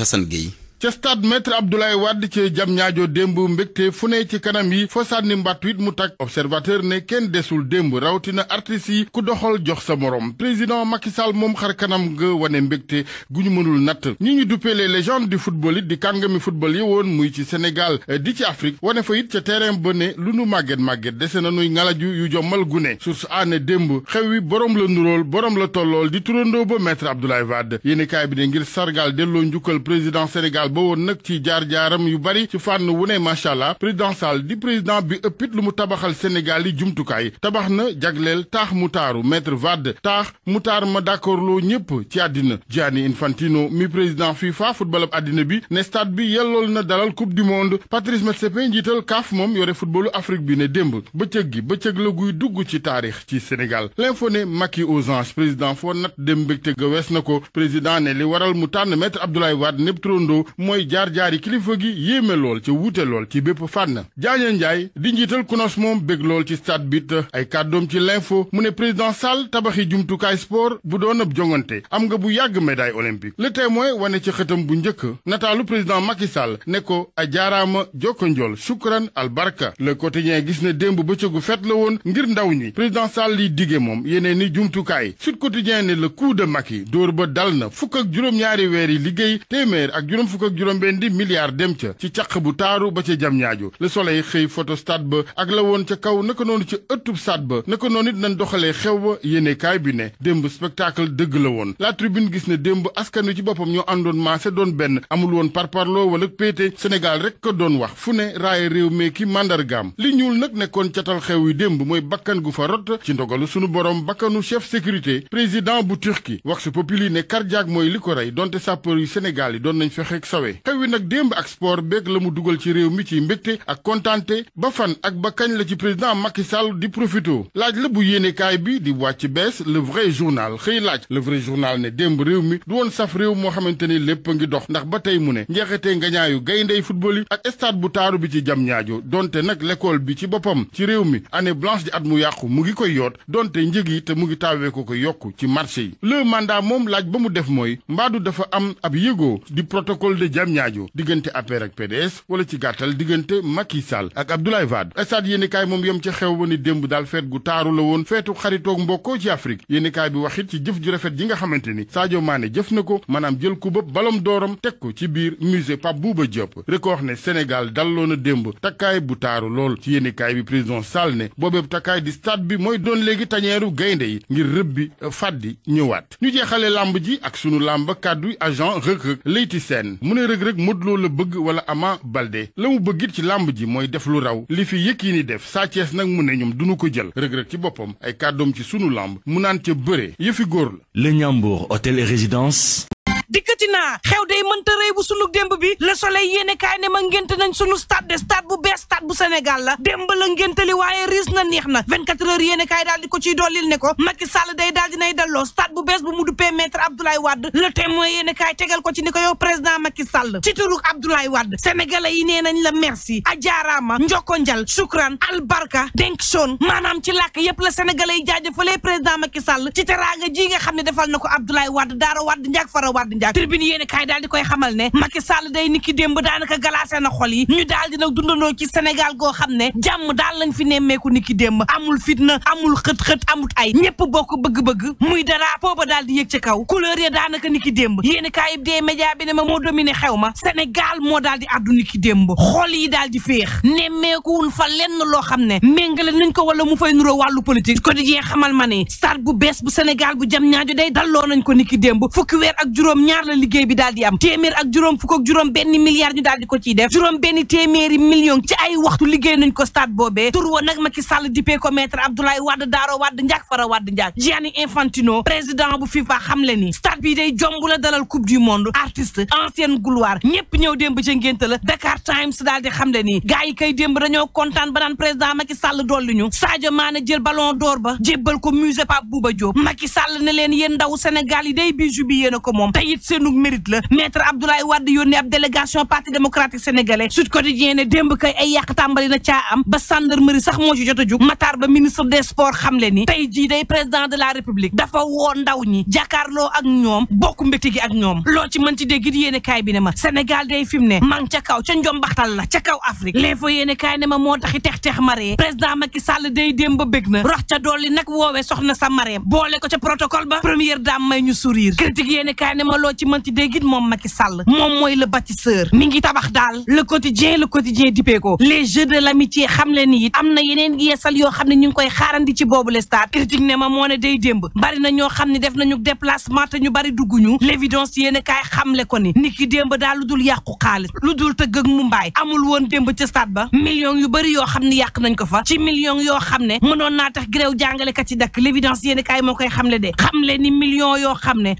Assane Gueye ca stade maître Abdoulaye Wade ci jam ñaajo démb mbégte fu ne ci kanam yi fo sànni mbàtt wit mu tag observateur ne kenn desul démb rawatina artistes yi ku doxal jox sa morom président Macky Sall moom xar kanam nga wane mbégte gu ñu mënul natt ñi ñu duppee les légendes du football it di kàngami football yi woon muy ci Sénégal eh, di ci Afrique wane fa it ca terrain ba ne lu nu màgget màgget dese na nuy ngalaju yu jommal gune sur source aane démb xew wi borom la nurool borom la tollool di turandoo ba maître Abdoulaye Wade yéenekaay bi ne ngir sargal delloo njukkal président Sénégal Sall ba woon nag ci jaar-jaaram yu bari ci fànn wu ne macha allah président Sall di président bi ëppit lu mu tabaxal Sénégal yi jumtukaay tabax na jagleel taax mu taaru maître Wade taax mu taar ma d'accordloo ñépp ci àddina Gianni Infantino mi président FIFA footballab àddina bi ne stade bi yellool na dalal coupe du monde Patrice Motsepe njiital CAF moom yore footballu Afrique bi ne démb bëccëg gi bëccëg la guy dugg ci taarix ci Sénégal l'info ne Macky aux anges président foo nat dem ga wees na ko président ne li waral mu tànn maître Abdoulaye Wade népp trondoo mooy jaar-jaari kilifa gi yéeme lool ca wuute lool ci bépp fànn jaañe njaay di njiital kunos moom bég lool ci stade bit ay kàddoom ci l'info mu ne président Sall tabaxi jumtukaay sport bu doon ab jongante am nga bu yàgg médaille olympique le témoin wane ci xëtam bu njëkk nataalu président Macky Sall ne ko a jaaraama jokkonjool shukran albarka le quotidien gis ne démb ba bëccëgu fet la woon ngir ndaw ñi président Sall yi dige moom yeneen ni jumtukaay Sud Quotidien ne le coup de Macky dóor ba dal na fukk ak juróom-ñaari weeri liggéey ak juróom ak juróom-benn di milliards dem ca ci caq bu taaru ba ca jam ñaaju le soleil xëy photo stade ba ak la woon ca kaw naka noonu ci ëttub stade ba naka noonu it nañ doxalee xew ba kaay bi ne démb spectacle dëgg la woon la tribune gis ne démb askan wi ci boppam ñoo àndoon maase doon benn amul woon par parparloo wala péete Sénégal rek ko doon wax fu ne raaye réew mee ki màndargaam li ñuul nag nekkoon catal xew yi démb mooy bakkan gu fa rot ci ndogalu sunu borom bakkanu chef sécurité président bu Turquie wax su populi ne tawe taw wi nag démb ak sport beeg la mu dugal ci réew mi ci mbégte ak kontaante ba fan ak ba kañ la ci président Macky Sall di profito laaj la bu yéenekaay bi di wàcc bees le vrai journal xëy laaj le vrai journal ne démb réew mi du woon saf réew moo xamante ni lépp a ngi dox ndax ba tey mu ne njeexitee ngañaayu gayndey football yi ak stade bu taaru bi ci jam ñaajo donte nag lekkool bi ci boppam ci réew mi année blanche di at mu yàqu mu ngi koy yoo donte njëg yi te mu ngi taawee ko ko yokk ci marché yi le mandat moom laaj ba mu def mooy mbaadu dafa am ab yëgoo ca jam ñaajo diggante APR ak PDS wala ci gàttal diggante Macky Sall ak Abdoulaye Wade stade yéenekaay moom yem ca xew ba ni démb daal feet gu taaru la woon feetu xaritoog mbokkoo ci Afrique yéenekaay bi waxit ci jëf ju rafet ji nga xamante ni Sadio Mané jëf na ko maanaam jël ku bëb balom dooram teg ko ci biir musée Pape Bouba Diop record ne Sénégal dalloo na démb takkaay bu taaru lool ci yennikaay bi président Sall ne boobeeb takkaay di stade bi mooy doon léegi tañeeru gaynde yi ngir rëbbi fàddi ñëwaat ñu jeexale làmb ji ak sunu làmb kàddu agent ne Reug Reug Modou la bëgg wala Ama Baldé la mu bëggit ci làmb ji mooy def lu raw li fi yëkk yi ni def Sa nag mu ne ñoom duñu ko jël Reug ci boppam ay kàddoom ci sunu làmb mu naan ca bëre yëfi góor la. Le Ndiambour hôtel et résidence. dikkati naa xew day mënta rëy bu sunu démb bi la soleil yéene kaay ne ma ngénte nañ sunu stade de stade bu bees stade bu Sénégal la démb la ngéntali waaye riis na neex na 24 heures yéene kaay daal di ko ciy dollil ne ko Macky Sall day daal dinay dalloo stade bu bees bu mu duppee maître Abdoulaye Wade le témoin yéene kaay tegal ko ci ni ko yow président Macky Sall ci turu Abdoulaye Wade sénégalais yi nee nañ la merci ajaaraama njoko njal shukran albarka maanaam ci làkk yépp la sénégalais yi jaajëfalee président Macky Sall ci teraanga nga xam ne defal na ko Abdoulaye Wade daara Wade njaak fara Ndiack tribune yéen kaay daal di koy xamal ne Macky Sall day niki demb daanaka galaase na xol yi ñu daal di nag dundandoo ci Sénégal goo xam ne jàmm daal lañ fi nemmeeku niki démb amul fitna amul xët-xët amut ay ñëpp bokk bëgg-bëgg muy dara booba daal di yëg ca kaw couleur ya daanaka niki démb yéen kaay yi dee média bi ne ma moo dominé xew ma Sénégal moo daal di addu niki démb xol yi daal di féex nemmeekuwul fa lenn loo xam ne méngale nañ ko wala mu fay nuroo wàllu politique ko di xamal ma ne stade bu bees bu Sénégal bu jam ñaajo day dalloo nañ ko niki demb fukki weer ak juróom ñaar la liggéey bi daal di am téeméer ak juróom fukk ak juróom benn milliard ñu daal di ko ciy def juróom benn téeméeri million ci ay waxtu liggéey nañ ko stade boobee tur wa nag Macky Sall dippee ko maître Abdoulaye Wade Daaro Wade Ndiak Fara Wade Ndiak Gianni Infantino président bu FIFA xam le ni stade bi day jomb la dalal coupe du monde artiste ancienne gloire ñëpp ñëw démb ca ngénte la Dakar Times daal di xam le ni gars yi kay démb dañoo kontaan ba naan président Macky Sall dolli ñu Sadio Mané jël ballon d'or ba jébbal ko musée Pape Bouba Diop Macky Sall ne leen yéen ndaw Sénégal yi day bijou bi yéen a ko moom tamit seenug mérite la maître Abdoulaye Wade yónnee ab délégation parti démocratique sénégalais Sud Quotidien ne démb kay ay yàq tàmbali na caa am ba gendarmerie sax moo ci jot a jug Matar ba ministre des sports xam le ni tey jii day président de la république dafa woo ndaw ñi jàkkaarloo ak ñoom bokk mbéti gi ak ñoom loo ci mën ci dégg yéene kaay bi ne ma Sénégal day fi mu ne mang ca kaw ca njom la ca kaw Afrique l'info yéene kaay ne ma moo taxi tex-tex maree président Macky Sall day démb ba bég na rox ca dolli nag woowee soxna sa mareem boole ko ca protocole ba première loo ci mënti déggit moom Macky Sall moom mooy le bâtisseur mi ngi tabax daal le quotidien le quotidien dipeeko les jeux de l'amitié xam le ni it am na yeneen yeesal yoo xam ne ñu ngi koy xaarandi ci boobu le stade critique ne ma moo ne day démb bari na ñoo xam ne def nañu déplacement te ñu bari dugguñu l'évidence yéen kaay xamle ko ni niki démb daal lu dul yàqu xaalis lu dul tëgg ak mu mbaay amul woon demb ca stade ba millions yu bëri yoo xam ne yàq nañ ko fa ci yoo xam ne mënoon naa tax gréew jàngalekat yi dakk l'évidence yéen kaay moo koy xamle de xamle ni millions yoo xam ne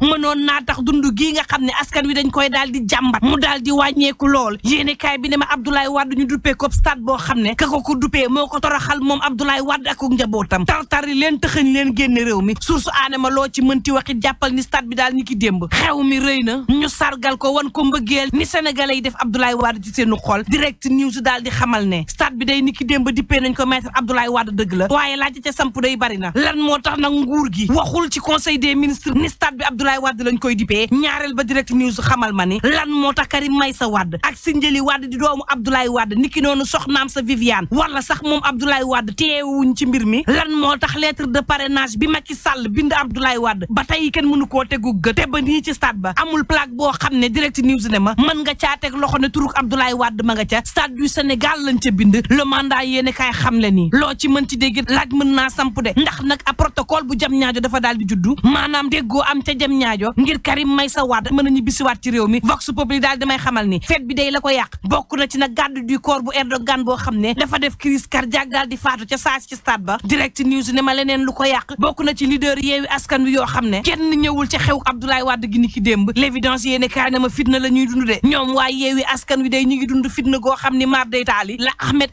gii nga xam ne askan wi dañ koy daal di jàmbat mu daal di wàññeeku lool yéene kaay bi ne ma Abdoulaye Wade ñu duppee ko stade boo xam ne ka ko ko duppee moo ko toroxal moom Abdoulaye Wade ak njabootam tartari leen tëxañ leen génne réew mi source aane ma loo ci mënti waxit jàppal ni stade bi daal ni ki démb xew mi rëy na ñu sargal ko wan ko mbëggeel ni sénégalais yi def Abdoulaye Wade ci seenu xol direct news daal di xamal ne stade bi day ni ki démb dippee nañ ko maître Abdoulaye Wade dëgg la waaye laaj ca bari na lan moo tax nag nguur gi waxul ci conseil des ministres ni stade bi Abdoulaye Wade lañ koy dippee ñaareel ba direct news xamal ma ni lan moo tax Karim sa wadd ak Sindiély Wade di doomu Abdoulaye Wade niki noonu soxnaam sa Viviane wala sax moom Abdoulaye Wade teewuñ ci mbir mi lan moo tax lettre de parrainage bi Macky Sall bind Abdoulaye wadd ba tey kenn mënu koo tegu gët te ba nii ci stade ba amul plaque boo xam ne direct news ne ma mën nga caa teg loxo ne turuk Abdoulaye wadd ma nga ca stade du Sénégal lañ ca bind le mandat yéene kaay xam le nii loo ci mën ci dégg laaj mën naa samp de ndax nag a protocole bu jam ñaajo dafa daal di juddu maanaam déggoo am ca jam ñaajo ngir Aïssa Wade mën a ñibbisiwaat ci réew mi vox populi daal damay xamal ni fête bi day la ko yàq bokk na ci nag garde du corps bu Erdogan boo xam ne dafa def crise cardiaque daal di faatu ca saas ci stade ba direct news ne ma leneen lu ko yàq bokk na ci leader yeewi askan wi yoo xam ne kenn ñëwul ca xew Abdoulaye Wade gi ni ki démb l'évidence na ma fitna la ñuy dund de ñoom waaye yeewi askan wi day ñu ngi fitna goo xam ni maar day taali la Ahmed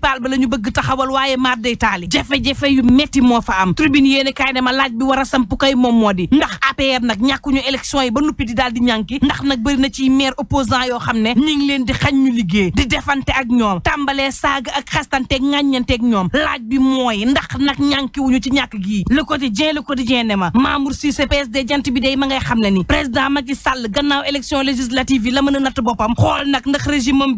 ba la ñu bëgg taxawal waaye maar day taali jafe-jafe yu metti fa am tribune yéen kaay ne ma laaj bi war a samp kay moom moo di hmm. ndax APR nag ñàkkuñu élection yi ba nuppi di di ñànki ndax nag bëri ci maire opposant yoo xam ne ñu ngi di xañ ñu liggéey di defante ak ñoom tàmbalee saaga ak xastanteeg ŋàññanteeg ñoom laaj bi mooy ndax nag ñànki wuñu ci ñàkk gii le quotidien le quotidien ne ma Mamour Cissé PSD jant bi day ma ngay xam ne ni président Macky gannaaw élection législative yi la mën a natt boppam xool nag ndax régime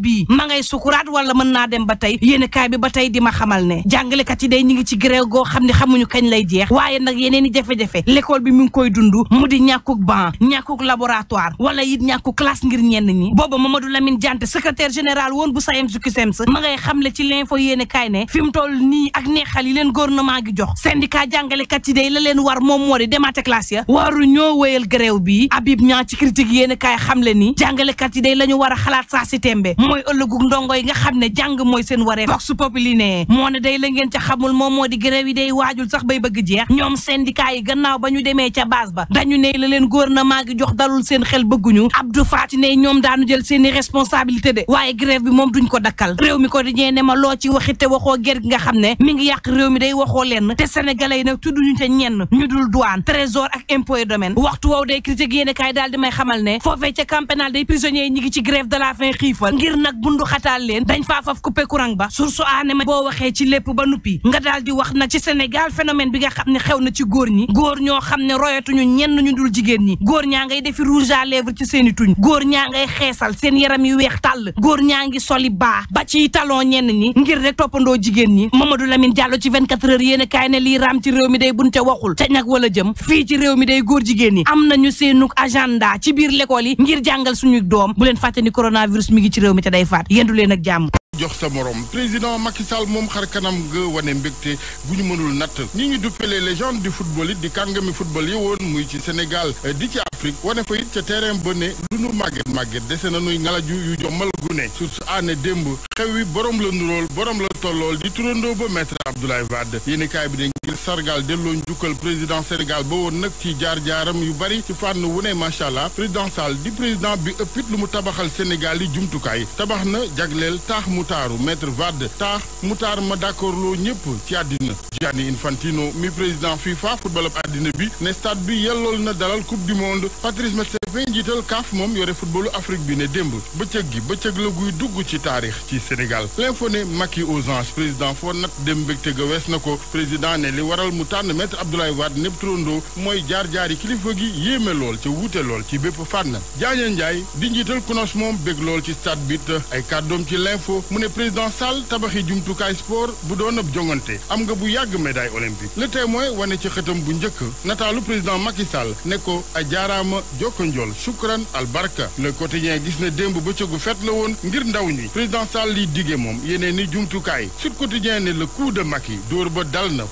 kañ lay jeex waaye nag yeneen i jafe-jafe l'école bi mi ngi koy dund mu di ñàkkuk ban ñàkkuk laboratoire wala it ñàkku classe ngir ñenn ñi booba Mamadou Lamine Diante secrétaire général woon bu sayem sukusems ma ngay xamle ci l'info yéene kaay ne fi mu toll nii ak neexal yi leen gouvernement gi jox syndicat jàngalekat yi day la leen war moom moo di demaate classe ya waru ñoo wéyal grève bi Habib Niang ci critique yéene kaay xamle ni jàngalekat yi day la ñu war a xalaat saa si tembe mooy ëllëgu ndongo yi nga xam ne jàng mooy seen waree vox populi ne moo ne day la ngeen xamul moom moo di grève yi day waajul sax sax bay bëgg jeex ñoom syndicat gannaaw ba ñu demee ca base ba dañu ne la leen gi jox dalul seen xel bëgguñu Abdou Faty ne ñoom daanu jël seen responsabilité de waaye grève bi moom duñ ko dakkal réew mi ko diñee ne ma loo ci waxi te waxoo ger gi nga xam ne mi ngi yàq réew mi day waxoo lenn te sénégalais yi nag tudduñu te ñenn ñu dul douane trésor ak impôt waxtu woow day critique yéen kaay daal may xamal ne foofee ca camp pénal day phénomène bi nga xam ne xew na ci góor ñi góor ñoo xam ne royatuñu ñenn ñu dul jigéen ñi góor ñaa ngay defi rouge à lèvres ci tuñ góor ñaa ngay xeesal seen yaram yi weex tàll góor ñaa ngi soli baa ba ci talon ñen ñi ngir rek toppandoo jigéen ñi Mamadou Lamine Diallo ci 24 heures yéen a kaay ne lii raam ci réew mi day bunte waxul te nag wala jëm fii ci rew mi day góor jigéen ñi am na ñu seenug agenda ci biir l'école yi ngir jàngal suñu doom bu leen fàtte ni coronavirus mi ngi ci réew mi ca day faat yendu leen ak jàmm jox sa moroom président Macky Sall moom xar kanam nga wane mbégte bu ñu mënul natt ñi ñu duppelee légende di football it di kàngami football yi woon muy ci Sénégal eh, di ci Afrique wane fa it ca terrain ba ne lu nu màgget màgget dese na nuy ngalaju yu jommal gune su aane démb xew wi borom la nurool borom la tollool di turandoo ba maître Abdoulaye Wade yéenekaay bi sargal delloo njukkal président Sénégal ba woon nag ci jaar-jaaram yu bari ci fànn wu ne macha allah président Sall di président bi ëppit lu mu tabaxal Sénégal yi jumtukaay tabax na jagleel taax mu taaru maître Wade taax mu taar ma d'accordloo ñëpp ci àddina Gianni Infantino mi président FIFA football àddina bi ne stade bi yellool na dalal coupe du monde Patrice Motsepe njiital CAF moom yore footballu Afrique bi ne démb bëccëg gi bëccëg la guy dugg ci taarix ga wees na ko président ne waral mu tànn maître Abdoulaye Wade népp turandoo mooy jaar-jaari kilifa gi yéeme lool ca wuute lool ci bépp fànn Diagne Ndiaye di njiital CNOSS moom bég lool ci stade bi ay kàddoom ci l'info mu ne président Sall tabaxi jumtukaay sport bu doon ab jongante am nga bu yàgg médaille olympique le témoin wane ci xëtam bu njëkk nataalu président Macky Sall ne ko a jaaraama jokkonjool shukran albarka le quotidien gis na démb ba bëccëgu fet la woon ngir ndaw ñi président Sall liy dige moom yeneen jumtukaay Sud Quotidien ne le coup de Macky dóor ba dal na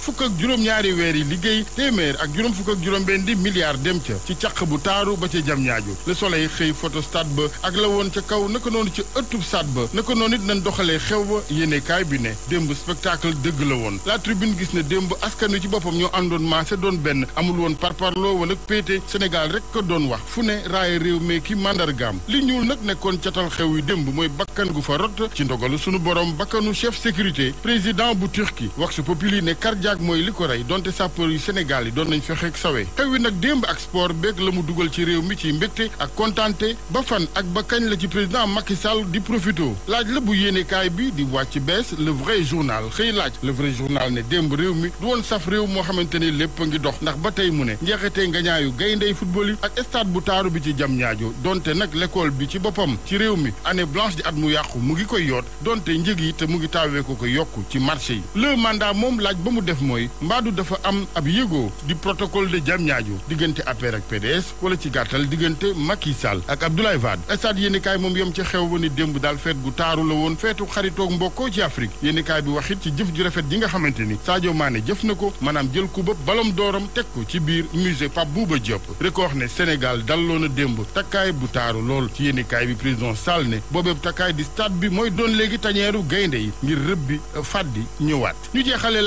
ñaari weer yi liggéey téeméer ak juróom fukk ak juróom di milliards dem ca ci caq bu taaru ba ca jam ñaaju le soleil xëy photo stade ba ak la woon ca kaw naka noonu ci ëttub stade ba naka noonu it doxalee xew yéene kaay bi ne démb spectacle dëgg la woon la tribune gis ne démb askan wi ci boppam ñoo àndoon maase doon benn amul woon parparloo wala péete Sénégal rek doon wax fu ne raaya réew mee ki mandargaam li ñuul nag nekkoon catal xew yi démb mooy bakkan gu fa rot ci ndogalu sunu borom bakkanu chef sécurité président bu Turquie wax su populi ne cardiaque mooy li ko rey donte sapeur yu Sénégal yi doon nañ fexeek sawe xew wi nag démb ak sport beeg la mu dugal ci réew mi ci mbégte ak kontaante ba fan ak ba kañ la ci président Macky Sall di profito laaj la bu yéenekaay bi di wàcc bees le vrai journal xëy laaj le vrai journal ne démb réew mi du woon saf réew moo xamante ni lépp a ngi dox ndax ba tey mu ne njeexitee nga ñaayu gayndey football yi ak stade bu taaru bi ci jam ñaajo donte nag lekkool bi ci boppam ci réew mi année blanche di at mu yàqu mu ngi koy yoot donte njëg yi te mu ngi taawee ko ko yokk ci marché yi le moom laaj ba mu def mooy mbaadu dafa am ab yëgoo di protocole de Diamniadio diggante APR ak PDS wala ci gàttal diggante Macky Sall ak Abdoulaye Wade stade yéenekaay moom yom ca xew ba ne démb daal feet gu taaru la woon feetu xaritoog mbokkoo ci Afrique yéenekaay bi wax it ci jëf ju rafet ji nga xamante ni Sadio Mané jëf na ko maanaam jël ku ba balom dooram teg ko ci biir musée Pape Bouba Diop rek ko wax ne Sénégal dalloon a démb takkaay bu taaru lool ci yéenekaay bi président Sall ne boobeeb takkaay di stade bi mooy doon léegi tañeeru gaynde yi ngir rëbbi fàddi ñëwaat ñu jeexale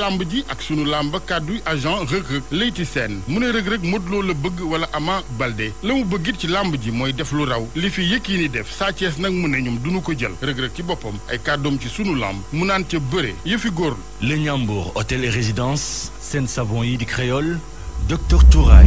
ba kàddu agent rëg-rëg layti seen mu ne rëg-rëg Modou la bëgg wala Ama balde la mu bëgg it ci làmb ji mooy def lu raw li fi ni def Sa nag mu ne ñoom duñu ko jël rëg-rëg ci boppam ay kàddoom ci sunu làmb mu naan ca bëre yëfi góor Le Ñambour hôtel et résidence seen savon yi di créole docteur Touraay